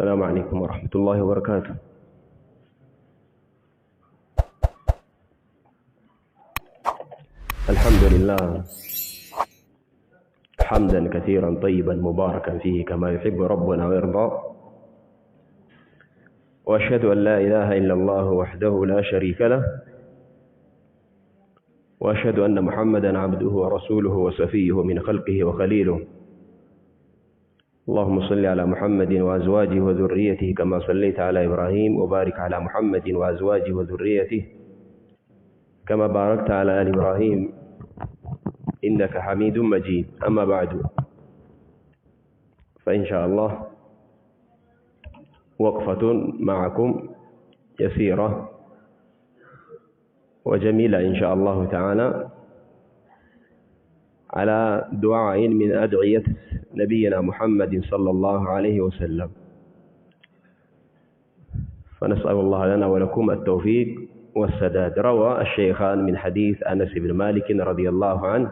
السلام عليكم ورحمة الله وبركاته الحمد لله حمدا كثيرا طيبا مباركا فيه كما يحب ربنا ويرضى واشهد ان لا اله الا الله وحده لا شريك له واشهد ان محمدا عبده ورسوله وسفيه من خلقه وخليله اللهم صل على محمد وأزواجه وذريته كما صليت على إبراهيم وبارك على محمد وأزواجه وذريته كما باركت على آل إبراهيم إنك حميد مجيد أما بعد فإن شاء الله وقفة معكم يسيرة وجميلة إن شاء الله تعالى على دعاء من أدعية نبينا محمد صلى الله عليه وسلم فنسأل الله لنا ولكم التوفيق والسداد روى الشيخان من حديث أنس بن مالك رضي الله عنه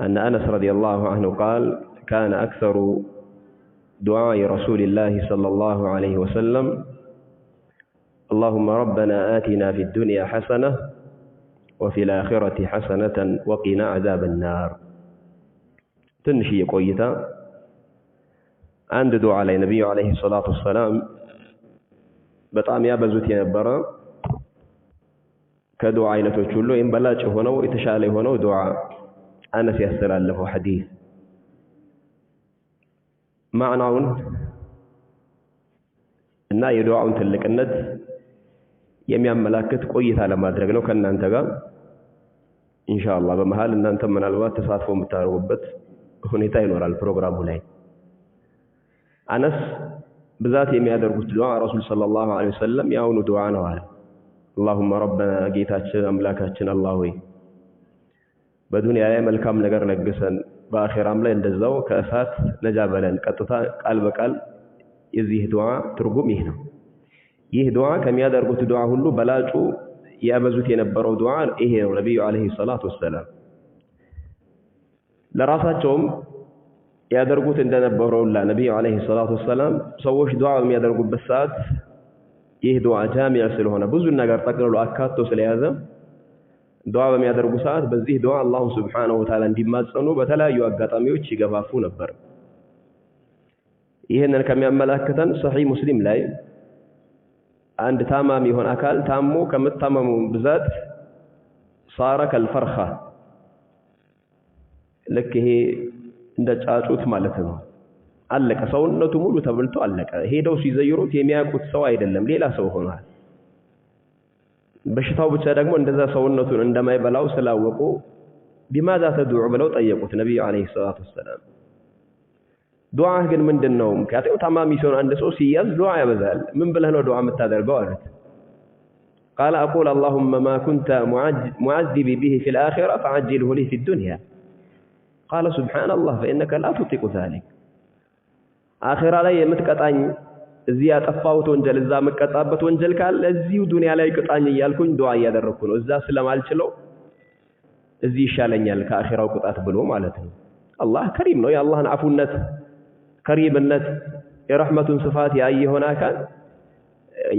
أن أنس رضي الله عنه قال كان أكثر دعاء رسول الله صلى الله عليه وسلم اللهم ربنا آتنا في الدنيا حسنة وفي الآخرة حسنة وقنا عذاب النار ትንሽዬ ቆይታ አንድ ዱዓ ላይ ነቢዩ ዓለይሂ ሰላቱ ወሰላም በጣም ያበዙት የነበረ ከዱዓ አይነቶች ሁሉ ወይም በላጭ የሆነው የተሻለ የሆነው ዱዓ አነስ ያስተላለፈው ሐዲስ ማዕናውን እና የዱዓውን ትልቅነት የሚያመላክት ቆይታ ለማድረግ ነው ከእናንተ ጋር ኢንሻአላህ። በመሃል እናንተ ምናልባት ተሳትፎ የምታደርጉበት ሁኔታ ይኖራል ፕሮግራሙ ላይ። አነስ ብዛት የሚያደርጉት ዱዓ ረሱል ሰለላሁ ዐለይሂ ወሰለም የአሁኑ ዱዓ ነው አለ። አላሁመ ረበና ጌታችን አምላካችን አላህ ሆይ በዱንያ ላይ መልካም ነገር ለግሰን፣ በአኼራም ላይ እንደዛው ከእሳት ነጃ በለን። ቀጥታ ቃል በቃል የዚህ ዱዓ ትርጉም ይህ ነው። ይህ ዱዓ ከሚያደርጉት ዱዓ ሁሉ በላጩ ያበዙት የነበረው ዱዓ ይሄ ነው። ነቢዩ ዐለይሂ ሰላቱ ወሰላም ለራሳቸውም ያደርጉት እንደነበረውላ ነቢዩ ዓለይሂ ሰላቱ ወሰላም ሰዎች ዱዓ በሚያደርጉበት ሰዓት ይህ ዱዓ ጃሚዕ ስለሆነ ብዙ ነገር ጠቅልሎ አካቶ ስለያዘ ዱዓ በሚያደርጉ ሰዓት በዚህ ዱዓ አላሁ ሱብሓነሁ ወተዓላ እንዲማጸኑ በተለያዩ አጋጣሚዎች ይገፋፉ ነበር። ይህንን ከሚያመላክተን ሰሒህ ሙስሊም ላይ አንድ ታማሚ የሆነ አካል ታሞ ከምታመሙ ብዛት ሳረ ከልፈርኻ ልክ ይሄ እንደ ጫጩት ማለት ነው። አለቀ። ሰውነቱ ሙሉ ተበልቶ አለቀ። ሄደው ሲዘይሩት የሚያውቁት ሰው አይደለም፣ ሌላ ሰው ሆኗል። በሽታው ብቻ ደግሞ እንደዛ ሰውነቱን እንደማይበላው ስላወቁ ቢማዛ ተዱዑ ብለው ጠየቁት ነቢዩ ዓለይሂ ሰላቱ ወሰላም። ዱዓህ ግን ምንድን ነው? ምክንያቱም ታማሚ ሲሆን አንድ ሰው ሲያዝ ዱዓ ያበዛል። ምን ብለህ ነው ዱዓ የምታደርገው አሉት። ቃለ አቁል አላሁመ ማ ኩንተ ሙዓዚቢ ቢሂ ፊል አኺራ ፈዐጅልሁ ሊ ፊ ዱንያ ቃለ ሱብሓነላህ ፈኢነከ ላ ቱጢቁ ዛሊክ አኼራ ላይ የምትቀጣኝ እዚህ ያጠፋሁት ወንጀል እዛ የምቀጣበት ወንጀል ካለ እዚሁ ዱንያ ላይ ቅጣኝ እያልኩኝ ዱዓ እያደረኩ ነው። እዛ ስለማልችለው እዚህ ይሻለኛል ከአኼራው ቅጣት ብሎ ማለት ነው። አላህ ከሪም ነው። የአላህን አፉነት፣ ከሪምነት፣ የረሕመቱን ስፋት ያየ የሆነ አካል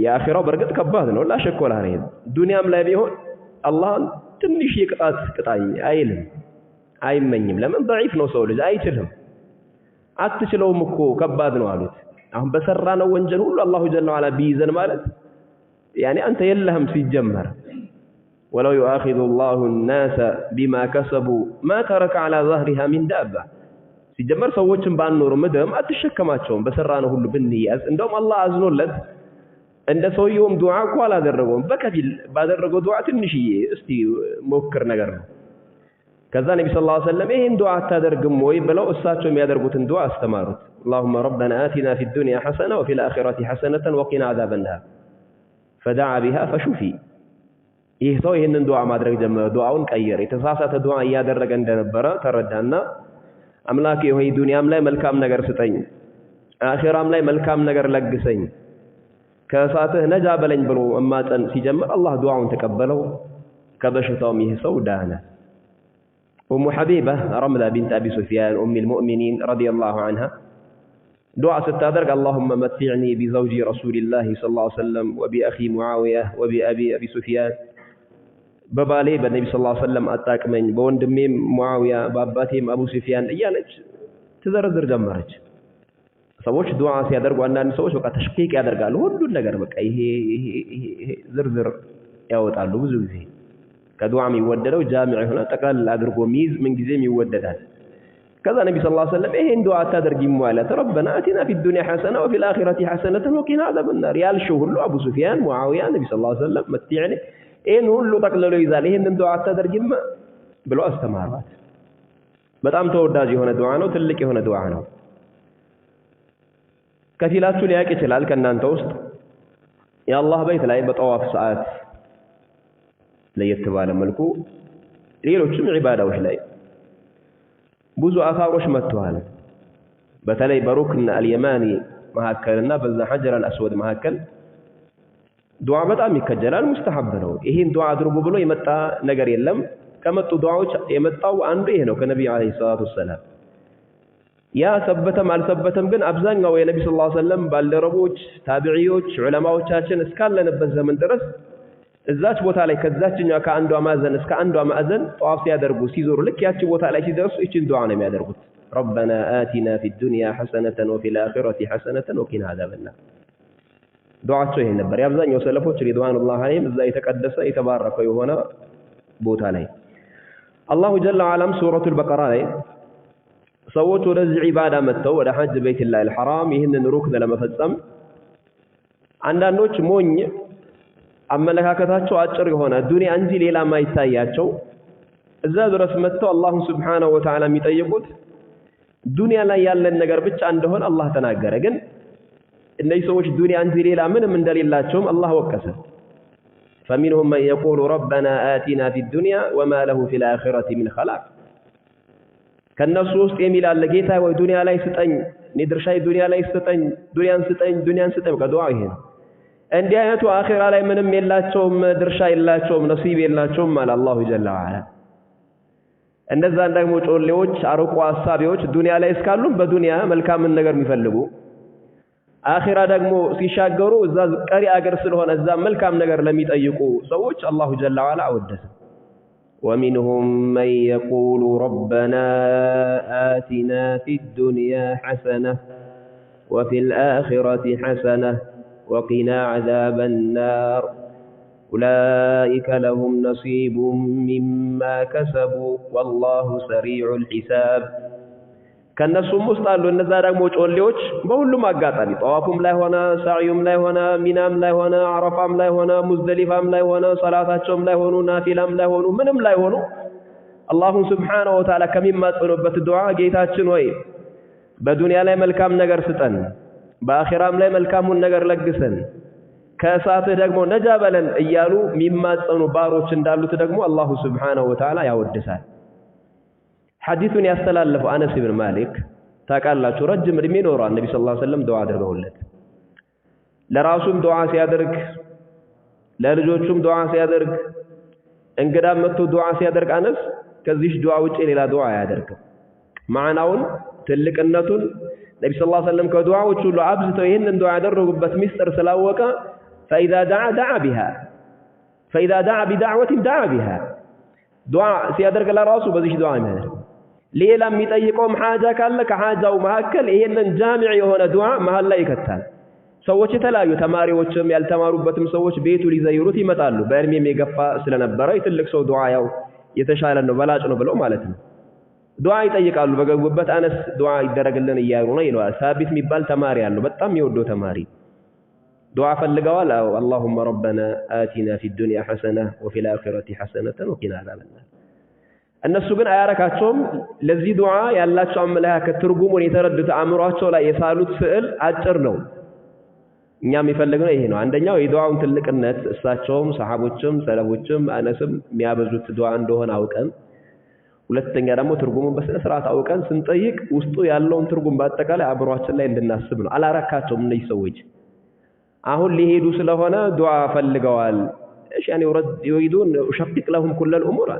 የአኼራው በእርግጥ ከባድ ነው። ላሸኮላ ዱንያም ላይ ቢሆን አላህን ትንሽ የቅጣት ቅጣኝ አይልም። አይመኝም። ለምን ضعيف ነው ሰው ልጅ አይችልም። አትችለውም እኮ ከባድ ነው አሉት። አሁን በሰራነው ነው ወንጀል ሁሉ አላሁ ጀለ ወዐላ ቢይዘን ማለት ያኔ አንተ የለህም ሲጀመር። ወለው ዩአኺዙ ላሁ ናሰ ቢማ ከሰቡ ማ ተረከ ዐላ ዛህሪሃ ሚን ዳባ ሲጀመር ሰዎችን ባንኖር ምድርም አትሸከማቸውም። በሰራ ሁሉ ብንያዝ እንደውም አላህ አዝኖለት እንደ ሰውየውም ዱዓ እኮ አላደረገውም። በከፊል ባደረገው ዱዓ ትንሽዬ እስቲ ሞክር ነገር ነው። كذا النبي صلى الله عليه وسلم إيه دعاء تدرج موي بلا أستاذهم يدرجوا تندعاء استمرت اللهم ربنا آتنا في الدنيا حسنة وفي الآخرة حسنة وقنا عذاب النار فدعا بها فشوفي إيه صو إيه ندعاء ما درج دم دعاء كير إتساسة دعاء يدرج عند نبرة تردنا أملاك يوه الدنيا أملا ملك نجار ستين آخر أملا ملك نجار لق سين كساته نجاب لين أما تن سجمر الله دعاء تقبله كبشتهم يهسو دانه أم حبيبة رملة بنت أبي سفيان أم المؤمنين رضي الله عنها دعاء ستادرك اللهم متعني بزوجي رسول الله صلى الله عليه وسلم وبأخي معاوية وبأبي أبي سفيان ببالي بالنبي صلى الله عليه وسلم أتاك من دميم معاوية باباتهم أبو سفيان እያለች تذرذر ጀመረች። سوش دعاء ሲያደርጉ وأنا نسوش በቃ ተሽቂቅ ያደርጋሉ። قالوا ነገር በቃ ይሄ ይሄ ዝርዝር ያወጣሉ ብዙ كدوام يودده وجامع هنا تقال الأدرق ميز من جزيم يودده كذا النبي صلى الله عليه وسلم إيه دعاء تدرج موالة ربنا أتنا في الدنيا حسنة وفي الآخرة حسنة وقنا عذاب النار يا الشهر له أبو سفيان معاوية النبي صلى الله عليه وسلم مت يعني إيه نقول له تقل له إذا ليه دعاء تدرج ما بلو استمارات بتأم تور داجي هنا دعانا وتلك هنا دعانا كثيرات سليا كتلال كنا نتوسط يا الله بيت لا يبت أوف ساعات ለየት ባለ መልኩ ሌሎችም ዒባዳዎች ላይ ብዙ አፋሮች መጥተዋል። በተለይ በሩክና አልየማኒ መካከልና በዛ ሐጀር አልአስወድ መካከል ዱዓ በጣም ይከጀላል፣ ሙስተሐብ ነው። ይሄን ዱዓ አድርጉ ብሎ የመጣ ነገር የለም። ከመጡ ዱዓዎች የመጣው አንዱ ይሄ ነው ከነቢዩ ዓለይሂ ሰላቱ ወሰላም። ያ ሰበተም አልሰበተም ግን አብዛኛው የነቢ ሰለላሁ ዐለይሂ ወሰለም ባልደረቦች፣ ታቢዒዎች፣ ዑለማዎቻችን እስካለንበት ዘመን ድረስ እዛች ቦታ ላይ ከዛችኛዋ ከአንዷ ማዕዘን እስከ አንዷ ማዕዘን ጠዋፍ ሲያደርጉ ሲዞሩ ልክ ያቺ ቦታ ላይ ሲደርሱ ይችን ዱዓ ነው የሚያደርጉት። ረበና አቲና ፊ ዱንያ ሐሰነተን ወፊ ልአኺረቲ ሐሰነተን ወቂና አዛበና። ዱዓቸው ይሄን ነበር። የአብዛኛው ሰለፎች ሪድዋኑላህ አለይሂም እዛ የተቀደሰ የተባረከ የሆነ ቦታ ላይ አላሁ ጀለ ወዓላም ሱረቱል በቀራ ላይ ሰዎች ወደዚህ ዒባዳ መጥተው ወደ ሐጅ ቤይትላሂል ሐራም ይህንን ሩክን ለመፈጸም አንዳንዶች ሞኝ አመለካከታቸው አጭር የሆነ ዱንያ እንጂ ሌላ ማይታያቸው እዛ ድረስ መጥተው አላሁን ስብሓነሁ ወተዓላ የሚጠይቁት ዱንያ ላይ ያለን ነገር ብቻ እንደሆነ አላህ ተናገረ። ግን እነዚህ ሰዎች ዱንያ እንጂ ሌላ ምንም እንደሌላቸውም አላህ ወቀሰ። ፈሚንሁም መን የቁሉ ረበና አቲና ፊዱንያ ወማ ለሁ ፊል አኺረቲ ሚን ኸላቅ። ከእነሱ ውስጥ የሚል አለ፣ ጌታ ወይ ዱንያ ላይ ስጠኝ፣ እኔ ድርሻዬ ዱንያ ላይ ስጠኝ፣ ዱንያን ስጠኝ፣ ዱንያን ስጠኝ። በቃ ዱዓው ይሄ ነው። እንዲህ አይነቱ አኼራ ላይ ምንም የላቸውም፣ ድርሻ የላቸውም፣ ነሲብ የላቸውም አለ አላሁ ጀለ ወዐላ። እነዛን ደግሞ ጮሌዎች፣ አርቆ አሳቢዎች ዱንያ ላይ እስካሉም በዱንያ መልካምን ነገር የሚፈልጉ አኼራ ደግሞ ሲሻገሩ እዛ ቀሪ አገር ስለሆነ እዛ መልካም ነገር ለሚጠይቁ ሰዎች አላሁ ጀለ ወዐላ አወደሰ። ወሚንሁም መን የቁሉ ረበና አቲና ፊ ዱንያ ሐሰነ ወፊል አኺረቲ ሐሰነ وقنا عذاب النار أولئك لهم نصيب مما كسبوا والله سريع الحساب كالنسو مستعلو النزارة موش أوليوش بولو ما قاتلي طوافهم لا هنا سعيهم لا هنا منام لا هنا عرفهم لا هنا مزدلفهم لا هنا صلاتهم لا هنا نافلهم لا هنا منهم لا هنا الله سبحانه وتعالى كمما تنبت الدعاء جيتها تشنوي بدون يالي ملكام نجر ستن በአኺራም ላይ መልካሙን ነገር ለግሰን ከእሳትህ ደግሞ ነጃ በለን እያሉ የሚማጸኑ ባሮች እንዳሉት ደግሞ አላሁ ስብሓነሁ ወተዓላ ያወድሳል። ሐዲሱን ያስተላለፈው አነስ ብን ማሊክ ታውቃላችሁ፣ ረጅም እድሜ ኖራ ነቢ ሰለላሁ ዐለይሂ ወሰለም ዱዓ አድርገውለት ለራሱም ዱዓ ሲያደርግ ለልጆቹም ዱዓ ሲያደርግ እንግዳ መጥቶ ዱዓ ሲያደርግ አነስ ከዚህ ዱዓ ውጪ ሌላ ዱዓ አያደርግም። ማዕናውን ትልቅነቱን نبي صلى الله عليه وسلم كدعاء وتشول عبد تهين الدعاء درو بس مستر سلاوكا فاذا دعا دعا بها فاذا دعا بدعوه دعا بها دعاء سيادرك لا راسه بزيش دعاء منه ليه لم يطيقهم حاجة كالك حاجة ومهكل إيه أن الجامع يهون دعاء مهلا يكتال سووش تلاي تماري وچم يال تمارو بتم سووش بيتو لزيرو تي مطالو بارمي ميقفا سلنا برأي تلك سو دعاء يو يتشايل النبلاج نبلو مالتنا ዱዓ ይጠይቃሉ። በገቡበት አነስ ዱዓ ይደረግልን እያሉ ነው ይለዋል። ሳቢት የሚባል ተማሪ አለው፣ በጣም የወደው ተማሪ። ዱዓ ፈልገዋል። አዎ አላሁመ ረበና አቲና ፊ ዱንያ ሐሰና ወፊል አኺረቲ ሐሰነተን ወቂና ዐዛበናር። እነሱ ግን አያረካቸውም። ለዚህ ዱዓ ያላቸው አመለካከት ትርጉሙን የተረዱት አእምሯቸው ላይ የሳሉት ስዕል አጭር ነው። እኛ የሚፈልግነው ይሄ ነው። አንደኛው የዱዓውን ትልቅነት እሳቸውም፣ ሰሐቦችም፣ ሰለፎችም፣ አነስም የሚያበዙት ዱዓ እንደሆነ አውቀን ሁለተኛ ደግሞ ትርጉሙን በስነ ስርዓት አውቀን ስንጠይቅ ውስጡ ያለውን ትርጉም በአጠቃላይ አእምሯችን ላይ እንድናስብ ነው። አላረካቸውም እነዚህ ሰዎች አሁን ሊሄዱ ስለሆነ ዱዓ ፈልገዋል። እሺ ያኔ ወረድ ይወይዱን ሸቅቅ ለሁም ኩለል ኡሙር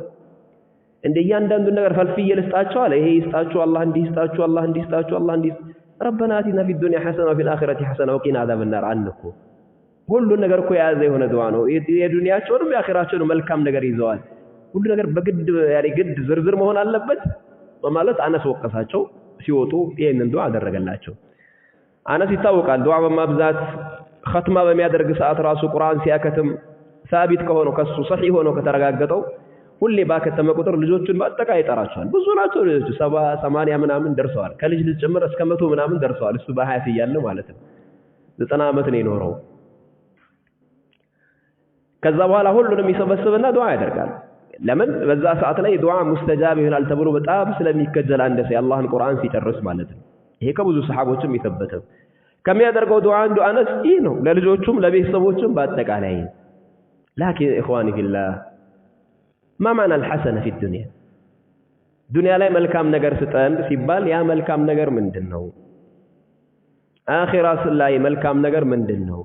እንደ እያንዳንዱ ነገር ፈልፍዬ ልስጣቸው አለ። ይሄ ይስጣችሁ አላህ እንዲህ ይስጣችሁ አላህ እንዲህ ይስጣችሁ አላህ እንዲህ ረበና አቲና ፊ ዱንያ ሐሰና ወፊል አኺረቲ ሐሰና ወቂና አዛበን ናር አንኩ ሁሉን ነገር እኮ የያዘ የሆነ ዱዓ ነው። የዱንያቸውንም የአኺራቸውንም መልካም ነገር ይዘዋል። ሁሉ ነገር በግድ ያኔ ግድ ዝርዝር መሆን አለበት በማለት አነስ ወቀሳቸው። ሲወጡ ይህንን ዱዓ አደረገላቸው። አነስ ይታወቃል ዱዓ በማብዛት ኸትማ በሚያደርግ ሰዓት ራሱ ቁርአን ሲያከትም ሳቢት ከሆነው ከሱ ሰሒህ ሆኖ ከተረጋገጠው ሁሌ ባከተመ ቁጥር ልጆቹን በአጠቃላይ ይጠራቸዋል። ብዙ ናቸው ልጆቹ ሰባ ሰማንያ ምናምን ደርሰዋል። ከልጅ ልጅ ጭምር እስከ መቶ ምናምን ደርሰዋል። እሱ በሀያት እያለ ማለት ነው። ዘጠና ዓመት ነው የኖረው። ከዛ በኋላ ሁሉንም ይሰበስብና ዱዓ ያደርጋል። ለምን በዛ ሰዓት ላይ ዱዓ ሙስተጃብ ይሆናል ተብሎ በጣም ስለሚከጀል አንድ ሰው የአላህን ቁርአን ሲጨርስ ማለት ነው። ይሄ ከብዙ ሰሓቦችም የተበተ ከሚያደርገው ዱዓ አንዱ አነስ ይህ ነው። ለልጆቹም ለቤተሰቦችም በአጠቃላይ ላኪን ኢኽዋኒ ፊላህ ማ ማዕና አልሐሰነ ፊ ዱንያ ዱንያ ላይ መልካም ነገር ስጠን ሲባል ያ መልካም ነገር ምንድን ነው? አኺራስ ላይ መልካም ነገር ምንድን ነው?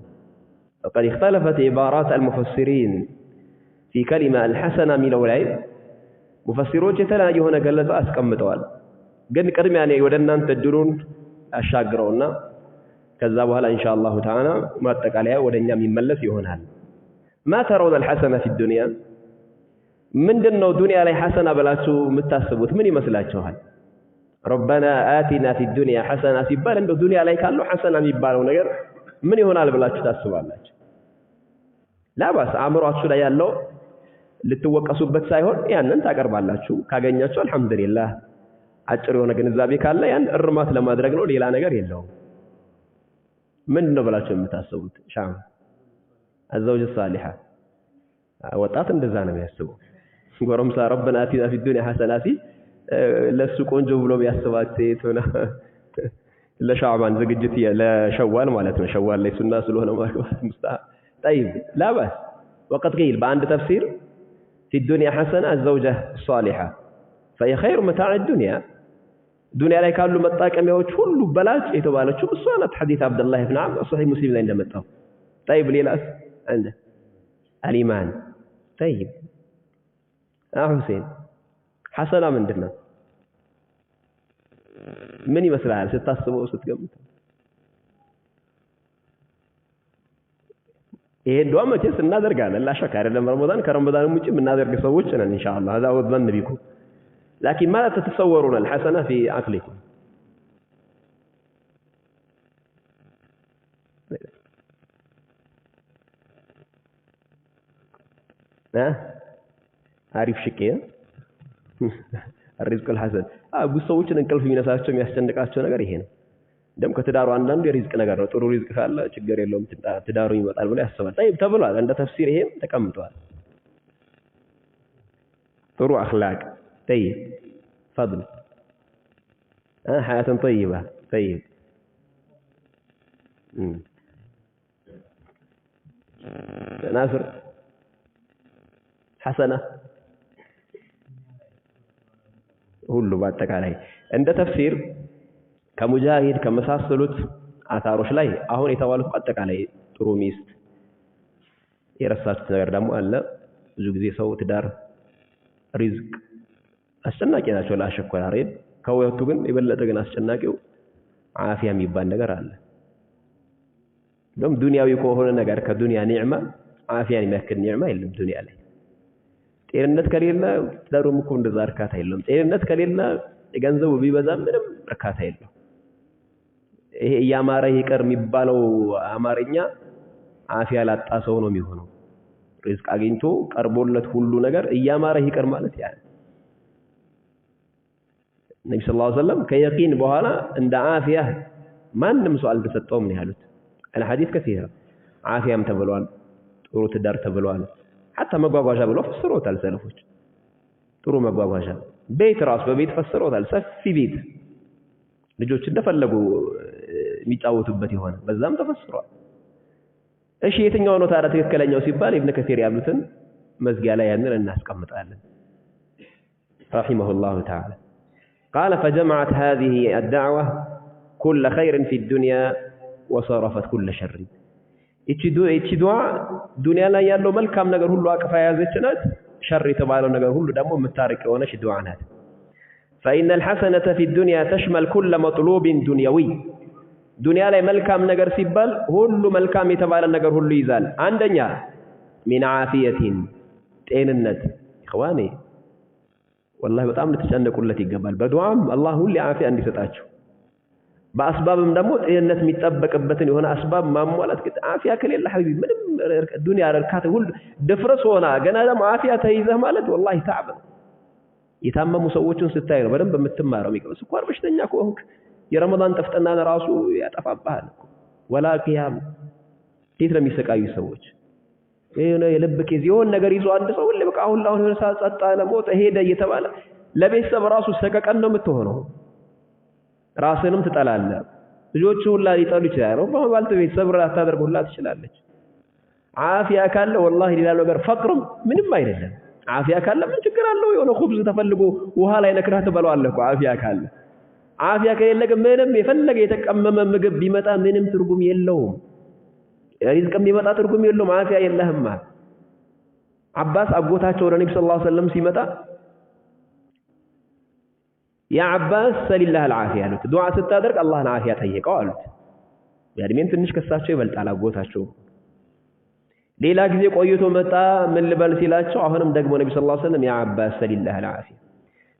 ወቀድ ኢኽተለፈት ዒባራት አልሙፈሲሪን ፊ ከሊማ አልሐሰና የሚለው ላይ ሙፈሲሮች የተለያየ የሆነ ገለጻ አስቀምጠዋል። ግን ቅድሚያ እኔ ወደ እናንተ እድሉን አሻግረውና ከዛ በኋላ ኢንሻአላሁ ተዓላ ማጠቃለያ ወደኛ የሚመለስ ይሆናል። ማ ተረውነ አልሐሰና ፊ ዱንያ ምንድን ነው ዱንያ ላይ ሐሰና ብላችሁ የምታስቡት ምን ይመስላችኋል? ረበና አቲና ፊ ዱንያ ሐሰና ሲባል እንደው ዱንያ ላይ ካለው ሐሰና የሚባለው ነገር ምን ይሆናል ብላችሁ ታስባላችሁ? ላባስ አእምሯችሁ ላይ ያለው ልትወቀሱበት ሳይሆን ያንን ታቀርባላችሁ። ካገኛችሁ አልሐምዱሊላህ። አጭር የሆነ ግንዛቤ ካለ ያን እርማት ለማድረግ ነው፣ ሌላ ነገር የለውም። ምንድን ነው ብላችሁ የምታስቡት? ሻም አዘውጅ ሳሊሐ ወጣት እንደዛ ነው የሚያስቡ። ጎረምሳ ረበና አቲና ፊ ዱንያ ለሱ ቆንጆ ብሎ ቢያስባት ሴት ለሻዕባን ዝግጅት ለሸዋል ማለት ነው። ሸዋል ላይ ሱና ስለሆነ ማግባት ሙስታ ጠይብ ላባስ ወቀት ቀይል በአንድ ተፍሲር في الدنيا حسنة الزوجة صالحة فهي خير متاع الدنيا دنيا لا يكال له مطاك أمي وكل بلاج يتوالى شو السؤال حديث عبد الله بن عمر صحيح مسلم عند متاه طيب لي الأس عنده الإيمان طيب أه حسين حسنة من دنا مني يمثل على ستة سبوع ست قبل إيه دوام تيس النادر قال لا شك عندنا رمضان كرمضان مجيب النادر قصوّج إن شاء الله هذا هو الظن بكم لكن ماذا تتصورون الحسنة في عقلكم ها አሪፍ ሽቄ ሪዝቅ አልሐሰን ብዙ ሰዎችን እንቅልፍ የሚነሳቸው የሚያስጨንቃቸው ነገር ይሄ ነው እንደውም ከትዳሩ አንዳንዱ የሪዝቅ ነገር ነው። ጥሩ ሪዝቅ ካለ ችግር የለውም ትዳሩ ይመጣል ብሎ ያስባል። ጠይብ ተብሏል። እንደ ተፍሲር ይሄም ተቀምጧል። ጥሩ አኽላቅ ጠይብ ፈድል ሐያትን ጠይባ ጠይብ ናስር ሐሰና ሁሉ በአጠቃላይ እንደ ተፍሲር ከሙጃሂድ ከመሳሰሉት አታሮች ላይ አሁን የተባሉት አጠቃላይ ጥሩ ሚስት የረሳችሁት ነገር ደግሞ አለ። ብዙ ጊዜ ሰው ትዳር፣ ሪዝቅ አስጨናቂ ናቸው ለአሸኳይ አይደል? ከሁለቱ ግን የበለጠ ግን አስጨናቂው አፊያ የሚባል ነገር አለ። እንደውም ዱንያዊ ከሆነ ነገር ከዱንያ ኒዕማ አፊያን የሚያክል ኒዕማ የለም ዱንያ ላይ። ጤንነት ከሌለ ትዳሩም እኮ እንደዛ እርካታ የለም። ጤንነት ከሌለ የገንዘቡ ቢበዛ ምንም እርካታ የለም። ይሄ እያማረ ይቀር የሚባለው አማርኛ አፍ ያላጣ ሰው ነው የሚሆነው። ሪዝቅ አግኝቶ ቀርቦለት ሁሉ ነገር እያማረህ ይቀር ማለት ያ ነቢ ሰለላሁ ዐለይሂ ወሰለም ከየቂን በኋላ እንደ አፍያ ማንም ሰው አልተሰጠውም ነው ያሉት። አል ሐዲስ ከሲራ አፍያም ተብሏል፣ ጥሩ ትዳር ተብሏል። ሐታ መጓጓዣ ብለው ፈስሮታል ሰለፎች። ጥሩ መጓጓዣ ቤት ራሱ በቤት ፈስሮታል። ሰፊ ቤት ልጆች እንደፈለጉ የሚጫወቱበት የሆነ በዛም ተፈስሯል እሺ የትኛው ነው ታዲያ ትክክለኛው ሲባል ኢብነ ከሲር ያሉትን መዝጊያ ላይ ያንን እናስቀምጣለን رحمه الله تعالى قال فجمعت هذه الدعوة كل خير في الدنيا وصرفت كل شر ايش دعاء دنيا لا يالو ملك كم نقر هلو أكفا يازيشنات شر تبالو نقر هلو دمو متارك ونش دعانات فإن الحسنة في الدنيا تشمل كل مطلوب دنيوي ዱንያ ላይ መልካም ነገር ሲባል ሁሉ መልካም የተባለ ነገር ሁሉ ይዛል። አንደኛ ሚን ዓፊየቲን ጤንነት። ኢኽዋኔ ወላሂ በጣም ልትጨነቁለት ይገባል። በዱዓም አላህ ሁሌ ዓፊያ እንዲሰጣችሁ፣ በአስባብም ደግሞ ጤንነት የሚጠበቅበትን የሆነ አስባብ ማሟላት ግድ። ዓፊያ ከሌለ ሐቢቢ ምንም ዱንያ እርካታ ሁሉ ድፍረስ ሆና ገና ደግሞ ዓፊያ ተይዘህ ማለት ወላሂ ታዕብ ነው። የታመሙ ሰዎችን ስታይ ነው በደንብ የምትማረው። የሚቀር ስኳር በሽተኛ ከሆንክ የረመዳን ጥፍጥናን ራሱ ያጠፋብሃል። ወላ ቂያም እንዴት ነው የሚሰቃዩ ሰዎች? የሆነ የልብ ኬዝ የሆን ነገር ይዞ አንድ ሰው ሁሌ በቃ አሁን አሁን የሆነ ሰዓት ጸጥ አለ፣ ሞተ፣ ሄደ እየተባለ ለቤተሰብ ራሱ ሰቀቀን ነው የምትሆነው። ራስንም ትጠላለህ። ልጆቹ ሁላ ሊጠሉ ይችላሉ። ባልተ ቤተሰብ አታደርግ ሁላ ትችላለች። አፍያ ካለ ወላሂ ሌላ ነገር ፈቅርም ምንም አይደለም። አፍያ ካለ ምን ችግር አለው? የሆነ ኹብዝ ተፈልጎ ውሃ ላይ ነክረህ ትበለዋለህ እኮ አፍያ ካለ አፍያ ከሌለ ግን ምንም የፈለገ የተቀመመ ምግብ ቢመጣ ምንም ትርጉም የለውም። ሪዝቅም ቢመጣ ትርጉም የለውም። አፍያ የለህም። አባስ አጎታቸው ወደ ነቢ ሰለላሁ ዐለይሂ ወሰለም ሲመጣ ያ አባስ ሰሊላህ አልዓፊያ አሉት። ዱዓ ስታደርግ አላህን አፍያ ጠይቀው አሉት። በዕድሜም ትንሽ ከሳቸው ይበልጣል አጎታቸው። ሌላ ጊዜ ቆይቶ መጣ። ምን ልበል ሲላቸው አሁንም ደግሞ ነቢ ሰለላሁ ዐለይሂ ወሰለም ያ አባስ ሰሊላህ አልዓፊያ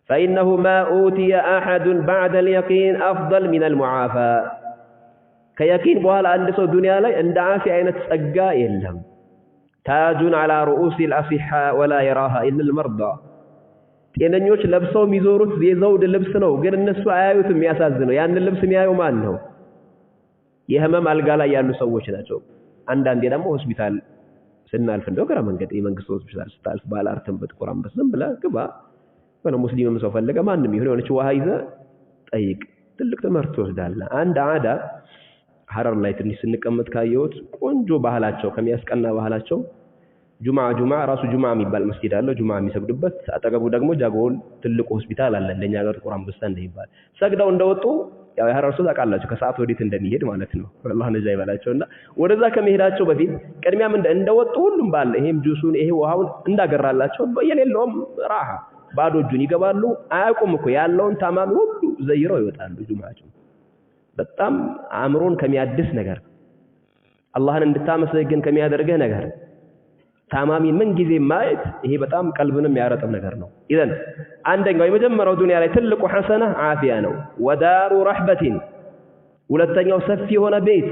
فإنه ما أوتي أحد بعد اليقين أفضل من المعافاة كيقين بوال أندس الدنيا لي أن في أين تسأقى إلا تاج على رؤوس الأصحاء ولا يراها إلا المرضى إن نيوش لبسو ميزورو زي زود لبسنو غير النسو آيو ثم يعني اللبس ميايو ما أنه يهما مالقى لا يالو سووش ناتو عندان دينا موهس بيثال سنة ألفن من قد إيمان قصوص بشتار ستالف بالارتن بتقرام بس نبلا كبا ሆነ ሙስሊምም ሰው ፈለገ ማንም ይሁን የሆነች ውሃ ይዘ ጠይቅ፣ ትልቅ ትምህርት ትወስዳለህ። አንድ አዳ ሀረር ላይ ትንሽ ስንቀመጥ ካየሁት ቆንጆ ባህላቸው ከሚያስቀና ባህላቸው ጁማ ጁማ ራሱ ጁማ የሚባል መስጊድ አለ። ጁማ የሚሰግዱበት አጠገቡ ደግሞ ጃጎል ትልቁ ሆስፒታል አለ። እንደኛ ሀገር ጥቁር አንበሳ እንደሚባል ሰግደው እንደወጡ ያው የሀረር ሰው ታውቃላችሁ ከሰዓት ወዴት እንደሚሄድ ማለት ነው። አላህ ነጃ ይበላቸው እና ወደዛ ከመሄዳቸው በፊት ቅድሚያም እንደወጡ ሁሉም ባለ ይሄም ጁሱን ይሄ ውሃውን እንዳገራላቸው የሌለውም ራሃ ባዶ እጁን ይገባሉ። አያውቁም እኮ ያለውን ታማሚ ሁሉ ዘይረው ይወጣሉ። ጁማቸው በጣም አእምሮን ከሚያድስ ነገር፣ አላህን እንድታመሰግን ከሚያደርግህ ነገር ታማሚን ምን ጊዜ ማየት ይሄ በጣም ቀልብንም ያረጥብ ነገር ነው። ኢዘን አንደኛው የመጀመሪያው ዱንያ ላይ ትልቁ ሐሰና አፊያ ነው። ወዳሩ ረሕበቲን፣ ሁለተኛው ሰፊ የሆነ ቤት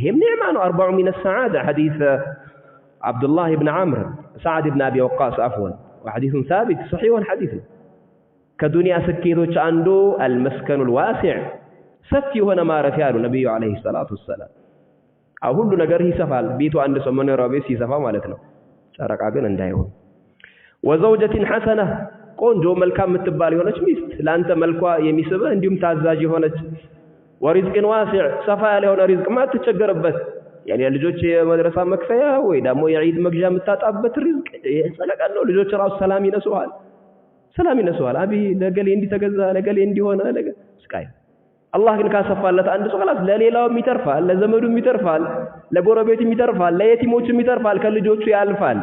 ይሄም ኒዕማ ነው። አርባዑ ሚነ ሰዓዳ ሐዲስ አብዱላህ ብን ዓምር ሰዓድ ብን አቢ ወቃስ አፍወን ሐዲሱን ሳቢት ሰሒሑን ሐዲስ ነው። ከዱንያ ስኬቶች አንዱ አልመስከኑል ዋሲዕ ሰፊ የሆነ ማረፊያ አሉ ነቢዩ ዓለይሂ ሰላቱ ወሰላም። አሁን ሁሉ ነገር ይሰፋል። ቤቱ አንድ ሰው መኖሪያው ቤት ሲሰፋ ማለት ነው። ጨረቃ ግን እንዳይሆን ወዘውጀቲን ሐሰና ቆንጆ መልካም የምትባል የሆነች ሚስት ለአንተ መልኳ የሚስብህ እንዲሁም ታዛዥ የሆነች ወሪዝቅን ዋሲዕ ሰፋ ያለ የሆነ ሪዝቅ ማትቸገርበት ያኔ ልጆች የመድረሳ መክፈያ ወይ ደግሞ የዒድ መግዣ የምታጣበት ሪዝቅ ሰለቀን ነው። ልጆች ራሱ ሰላም ይነሱሃል፣ ሰላም ይነሱሃል። አቢ ለገሌ እንዲተገዛ ለገሌ እንዲሆነ ለገ ስቃይ። አላህ ግን ካሰፋለት አንድ ሰው خلاص ለሌላውም ይተርፋል፣ ለዘመዱም ይተርፋል፣ ለጎረቤቱም ይተርፋል፣ ለየቲሞቹም ይተርፋል፣ ከልጆቹ ያልፋል።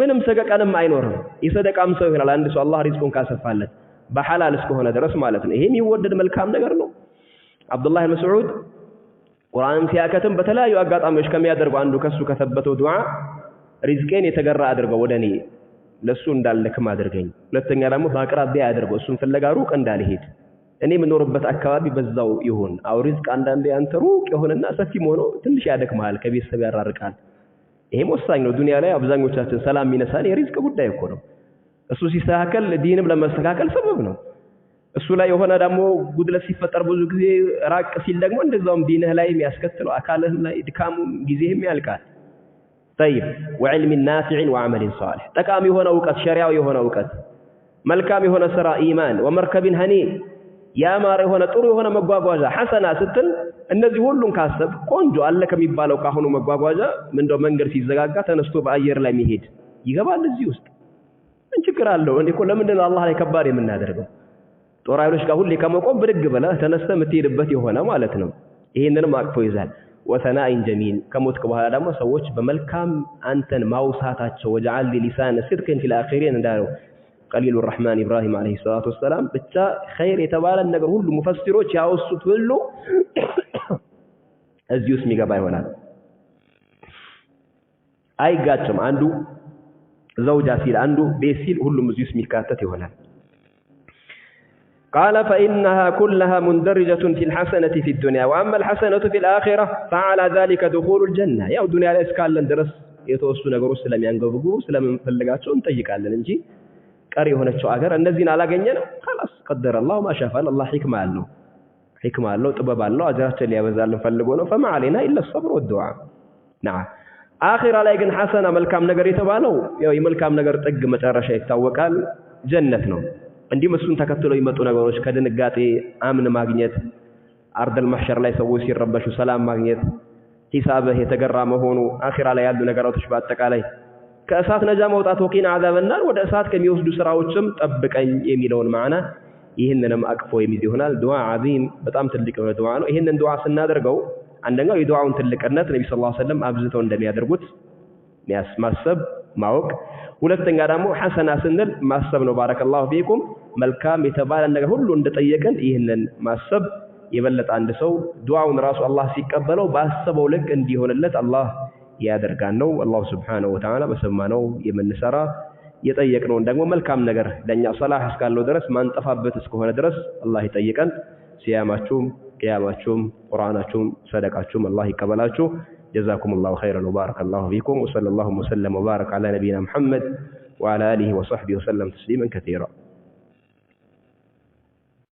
ምንም ሰቀቀንም አይኖርም። የሰደቃም ሰው ይሆናል አንድ ሰው አላህ ሪዝቁን ካሰፋለት በሐላል እስከሆነ ድረስ ማለት ነው። ይሄ የሚወደድ መልካም ነገር ነው። አብዱላህ መስዑድ ቁርአንን ሲያከትም በተለያዩ አጋጣሚዎች ከሚያደርጉ አንዱ ከሱ ከሰበተው ዱዓ ሪዝቄን የተገራ አድርገው ወደ እኔ ለሱ እንዳልልክም አድርገኝ። ሁለተኛ ደግሞ በአቅራቢያ ያደርገው እሱን ፍለጋ ሩቅ እንዳልሄድ እኔ የምኖርበት አካባቢ በዛው ይሁን። አው ሪዝቅ አንዳንዴ አንተ ሩቅ የሆነና ሰፊም ሆኖ ትንሽ ያደክመሃል፣ ከቤተሰብ ያራርቃል። ይሄም ወሳኝ ነው። ዱንያ ላይ አብዛኞቻችን ሰላም ይነሳል የሪዝቅ ጉዳይ እኮ ነው። እሱ ሲስተካከል ዲንም ለመስተካከል ሰበብ ነው። እሱ ላይ የሆነ ደግሞ ጉድለት ሲፈጠር ብዙ ጊዜ ራቅ ሲል ደግሞ እንደዛውም ዲንህ ላይ የሚያስከትለው አካልህም ላይ ድካሙም ጊዜህም ያልቃል። ጠይብ ወዕልም ናፊዕን ወዓመልን ሷሊሕ ጠቃሚ የሆነ እውቀት፣ ሸሪያዊ የሆነ እውቀት፣ መልካም የሆነ ስራ ኢማን፣ ወመርከቢን ሀኒ ያማረ የሆነ ጥሩ የሆነ መጓጓዣ ሐሰና ስትል እነዚህ ሁሉን ካሰብ ቆንጆ አለ ከሚባለው ካሁኑ መጓጓዣ እንደው መንገድ ሲዘጋጋ ተነስቶ በአየር ላይ መሄድ ይገባል። እዚህ ውስጥ ምን ችግር አለው? እንዴ እኮ ለምንድን ነው አላህ ላይ ከባድ የምናደርገው? ጦር ኃይሎች ጋር ሁሌ ከመቆም ብድግ ብለህ ተነስተህ የምትሄድበት የሆነ ማለት ነው። ይህንንም አቅፎ ይዛል። ወሰናኢን ጀሚል ከሞትክ በኋላ ደግሞ ሰዎች በመልካም አንተን ማውሳታቸው ወጀዓል ሊሳነ ሲድቅን ፊል አኺሪን እንዳለው ቀሊሉ ረሕማን ኢብራሂም ዓለይሂ ሰላቱ ወሰላም ብቻ ኸይር የተባለን ነገር ሁሉ ሙፈሲሮች ያወሱት ሁሉ እዚህ ውስጥ የሚገባ ይሆናል። አይጋጭም። አንዱ ዘውጃ ሲል፣ አንዱ ቤት ሲል ሁሉም እዚህ ውስጥ የሚካተት ይሆናል። قال فإنها كلها مندرجة في الحسنة في الدنيا وأما الحسنة في الآخرة فعلى ذلك دخول الجنة يا الدنيا لا إسكال درس يتوسط نقول سلام ينقب قول سلام فلقات شون تيك على الانجي كاري هنا شو أجر النزين على جنينا خلاص قدر الله ما شاء فعل الله حكمة له حكمة له تباب الله أجرت لي وزال فلقونه فما علينا إلا الصبر والدعاء نعم آخر على جن حسنة ملكام نجار يتبالو يا ملكام نجار تجمع ترى شيء توكل جنة نوم እንዲሁም እሱን ተከትሎ ይመጡ ነገሮች ከድንጋጤ አምን ማግኘት፣ አርደል ማህሸር ላይ ሰዎች ሲረበሹ ሰላም ማግኘት፣ ሂሳብህ የተገራ መሆኑ፣ አኺራ ላይ ያሉ ነገራቶች በአጠቃላይ ከእሳት ነጃ መውጣት፣ ወቂን አዛበናር ወደ እሳት ከሚወስዱ ስራዎችም ጠብቀኝ የሚለውን ማዕና ይህንንም አቅፎ የሚይዝ ይሆናል። ዱዓ ዓዚም በጣም ትልቅ የሆነ ዱዓ ነው። ይህንን ዱዓ ስናደርገው አንደኛው የዱዓውን ትልቅነት ነቢ ሰለላሁ ዐለይሂ ወሰለም አብዝተው እንደሚያደርጉት ማሰብ ማወቅ። ሁለተኛ ደግሞ ሐሰና ስንል ማሰብ ነው። ባረከላሁ ፊኩም መልካም የተባለ ነገር ሁሉ እንደጠየቅን ይህንን ማሰብ የበለጠ አንድ ሰው ዱዓውን ራሱ አላህ ሲቀበለው ባሰበው ልክ እንዲሆንለት አላህ ያደርጋን ነው። አላሁ ስብሓነሁ ወተዓላ በሰማነው የምንሰራ የጠየቅነውን ደግሞ መልካም ነገር ለእኛ ሰላህ እስካለው ድረስ ማንጠፋበት እስከሆነ ድረስ አላህ ይጠይቀን። ሲያማችሁም፣ ቅያማችሁም፣ ቁርአናችሁም፣ ሰደቃችሁም አላህ ይቀበላችሁ። جزاكم الله خيرا وبارك الله فيكم وصلى الله وسلم وبارك على نبينا محمد وعلى آله وصحبه وسلم تسليما كثيرا